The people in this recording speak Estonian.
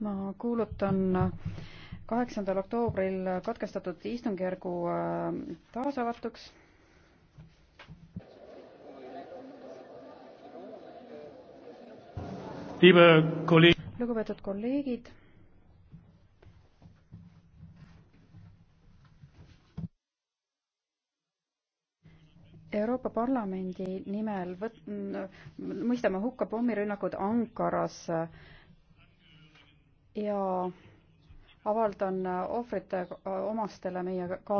ma kuulutan kaheksandal oktoobril katkestatud istungjärgu äh, taasavatuks. lugupeetud kolleegid. Euroopa Parlamendi nimel võt-, mõistame hukka pommirünnakud Ankaras ja avaldan ohvrite omastele meie ka-